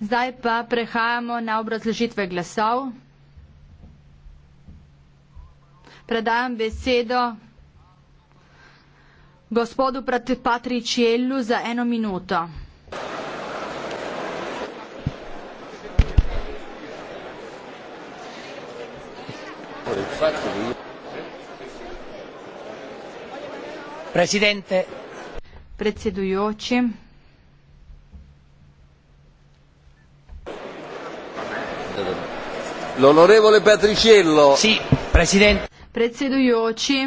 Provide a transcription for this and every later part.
Zdaj pa prehajamo na obrazložitve glasov. Predajam besedo gospodu Patričjelu za eno minuto. Predsedujoči. L'onorevole Patriciello. Sì, presidente. Predsedujoči,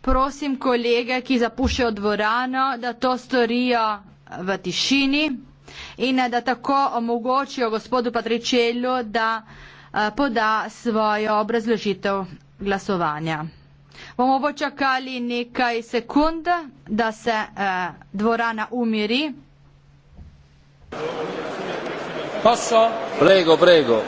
prosim kolege, ki zapuščajo dvorano, da to storijo v tišini in da tako omogočijo gospodu Patriciello, da eh, poda svojo obrazložitev glasovanja. Bomo počakali nekaj sekund, da se eh, dvorana umiri. Posso? Prego, prego.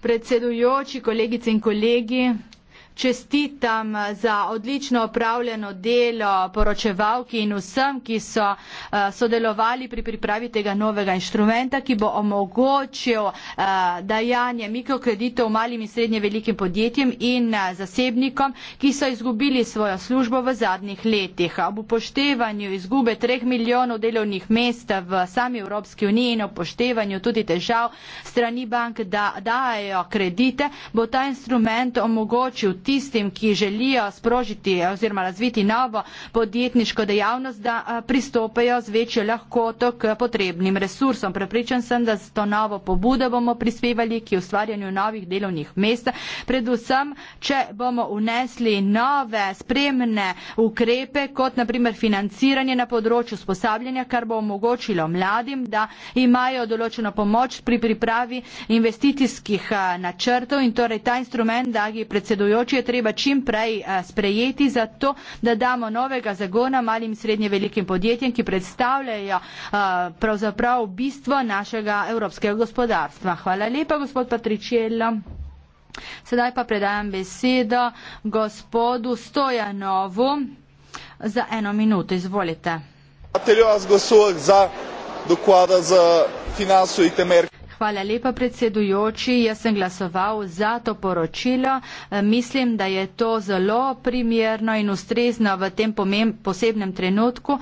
Predsedujoči, kolegice in kolegi čestitam za odlično opravljeno delo poročevalki in vsem, ki so eh, sodelovali pri pripravi tega novega inštrumenta, ki bo omogočil eh, dajanje mikrokreditov malim in srednje velikim podjetjem in eh, zasebnikom, ki so izgubili svojo službo v zadnjih letih. Ob upoštevanju izgube 3 milijonov delovnih mest v sami Evropski uniji in upoštevanju tudi težav strani bank, da dajo kredite, bo ta instrument omogočil tistim, ki želijo sprožiti oziroma razviti novo podjetniško dejavnost, da eh, pristopejo z večjo lahkoto k potrebnim resursom. Prepričan sem, da s to novo pobudo bomo prispevali k ustvarjanju novih delovnih mest, predvsem, če bomo unesli nove spremne ukrepe, kot naprimer financiranje na področju sposabljanja, kar bo omogočilo mladim, da imajo določeno pomoč pri pripravi investicijskih eh, načrtov in torej ta instrument, dragi predsedujoči, področju je treba čim prej eh, sprejeti za to, da damo novega zagona malim in srednje velikim podjetjem, ki predstavljajo eh, pravzaprav bistvo našega evropskega gospodarstva. Hvala lepa, gospod Patričello. Sedaj pa predajam besedo gospodu Stojanovu za eno minuto. Izvolite. Atelio, Hvala lepa, predsedujoči. Jaz sem glasoval za to poročilo. E, mislim, da je to zelo primerno in ustrezno v tem posebnem trenutku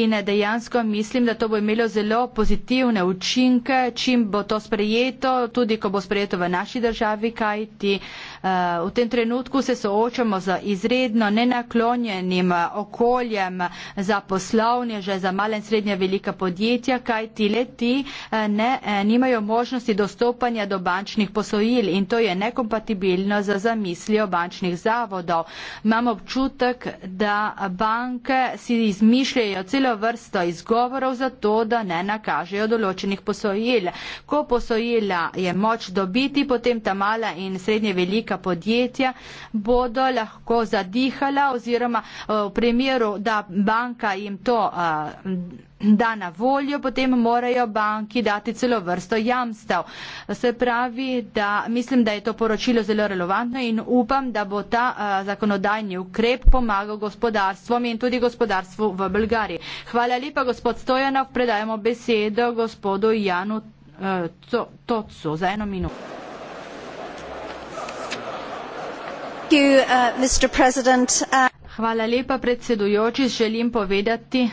in dejansko mislim, da to bo imelo zelo pozitivne učinke, čim bo to sprejeto, tudi ko bo sprejeto v naši državi, kajti. Uh, Eh, v tem trenutku se soočamo z izredno nenaklonjenim eh, okoljem za poslovne, že za male in srednje velika podjetja, kaj ti leti eh, ne, nimajo možnosti dostopanja do bančnih posojil in to je nekompatibilno za zamislijo bančnih zavodov. Imamo občutek, da banke si izmišljajo celo vrsto izgovorov za to, da ne nakažejo določenih posojil. Ko posojila je moč dobiti, potem ta mala in srednje velika velika podjetja bodo lahko zadihala oziroma eh, v primeru, da banka jim to eh, da na voljo, potem morajo banki dati celo vrsto jamstav. Se pravi, da mislim, da je to poročilo zelo relevantno in upam, da bo ta a, eh, zakonodajni ukrep pomagal gospodarstvom in tudi gospodarstvu v Bolgariji. Hvala lepa, gospod Stojanov, predajamo besedo gospodu Janu a, to, Tocu za eno minuto. Uh, uh, želim povedati da sem podprla predlog komisije da se uredi situacija v makedoniji.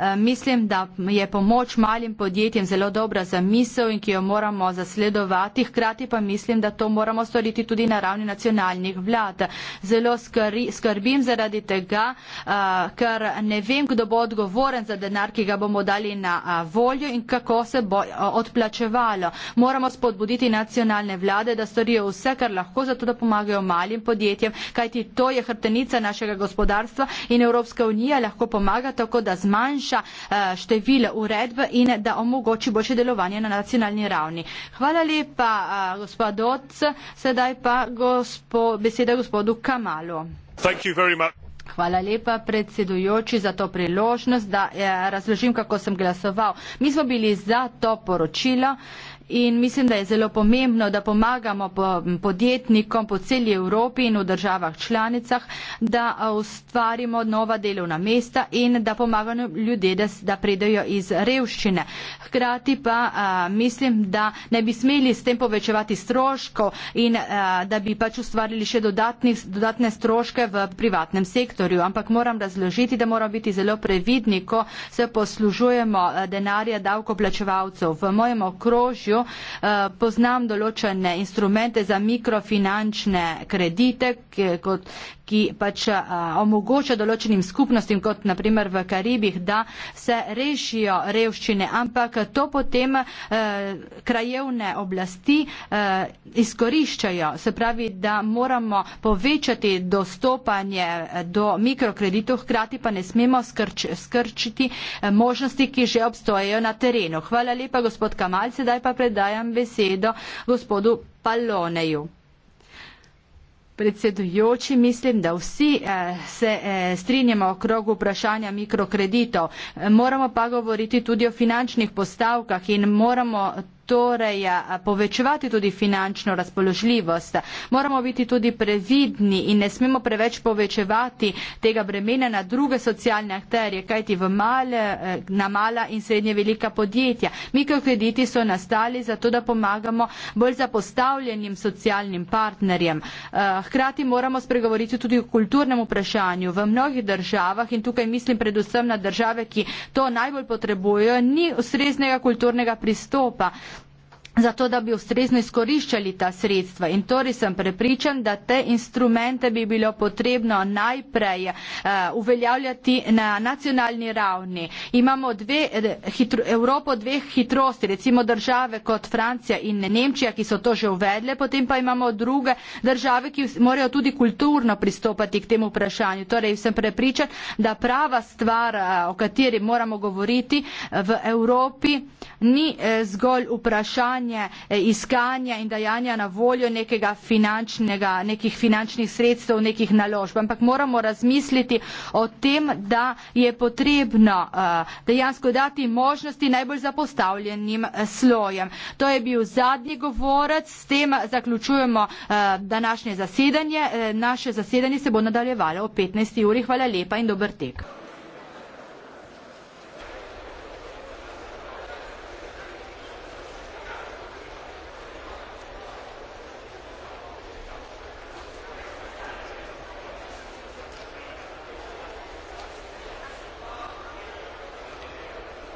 Eh, mislim, da je pomoč malim podjetjem zelo dobra zamisel in ki jo moramo zasledovati, hkrati pa mislim, da to moramo storiti tudi na ravni nacionalnih vlad. Zelo skrbim zaradi tega, eh, ker ne vem, kdo bo odgovoren za denar, ki ga bomo dali na eh, voljo in kako se bo odplačevalo. Moramo spodbuditi nacionalne vlade, da storijo vse, kar lahko, zato da pomagajo malim podjetjem, kajti to je hrtenica našega gospodarstva in Evropska unija lahko pomaga tako, da zmanjša zmanjša eh, število uredb in da omogoči boljše delovanje na nacionalni ravni. Hvala lepa, eh, gospod Oc. Sedaj pa gospo, beseda gospodu Kamalu. Hvala lepa predsedujoči za to priložnost, da eh, razložim, kako sem glasoval. Mi smo bili za to poročilo In mislim, da je zelo pomembno, da pomagamo podjetnikom po celi Evropi in v državah članicah, da ustvarimo nova delovna mesta in da pomagamo ljudem, da, da pridejo iz revščine. Hkrati pa a, mislim, da ne bi smeli s tem povečevati stroško in a, da bi pač ustvarili še dodatni, dodatne stroške v privatnem sektorju. Ampak moram razložiti, da moramo biti zelo previdni, ko se poslužujemo denarja davkoplačevalcev v mojem okrožju jo. Eh, poznam določene instrumente za mikrofinančne kredite, ki pač eh, omogoča določenim skupnostim, kot naprimer v Karibih, da se rešijo revščine, ampak to potem eh, krajevne oblasti izkoriščajo. Se pravi, da moramo povečati dostopanje do mikrokreditov, hkrati pa ne smemo skrč, skrčiti možnosti, ki že obstojejo na terenu. Hvala lepa, gospod Kamal, sedaj pa predstavljam predajam besedo gospodu Palloneju. Predsedujoči, mislim, da vsi eh, se eh, strinjamo okrog vprašanja mikrokreditov. Moramo pa govoriti tudi o finančnih postavkah in moramo torej povečevati tudi finančno razpoložljivost. Moramo biti tudi previdni in ne smemo preveč povečevati tega bremena na druge socialne akterje, kajti male, e, na mala in srednje velika podjetja. Mikrokrediti so nastali zato, da pomagamo bolj zapostavljenim socialnim partnerjem. E, hkrati moramo spregovoriti tudi o kulturnem vprašanju. V mnogih državah in tukaj mislim predvsem na države, ki to najbolj potrebujejo, ni ustreznega kulturnega pristopa zato da bi ustrezno izkoriščali ta sredstva. In torej sem prepričan, da te instrumente bi bilo potrebno najprej uh, uveljavljati na nacionalni ravni. Imamo dve, eh, hitro, Evropo dveh hitrosti, recimo države kot Francija in Nemčija, ki so to že uvedle, potem pa imamo druge države, ki morajo tudi kulturno pristopati k temu vprašanju. Torej sem prepričan, da prava stvar, uh, o kateri moramo govoriti uh, v Evropi, ni uh, zgolj vprašanje, iskanje, e, iskanja in dajanja na voljo nekih finančnih sredstev, nekih naložb. Ampak moramo razmisliti o tem, da je potrebno e, dejansko dati možnosti najbolj zapostavljenim e, slojem. To je bil zadnji govorec, s tem zaključujemo današnje zasedanje. Naše zasedanje se bo nadaljevalo o 15. uri. Hvala lepa in dober tek.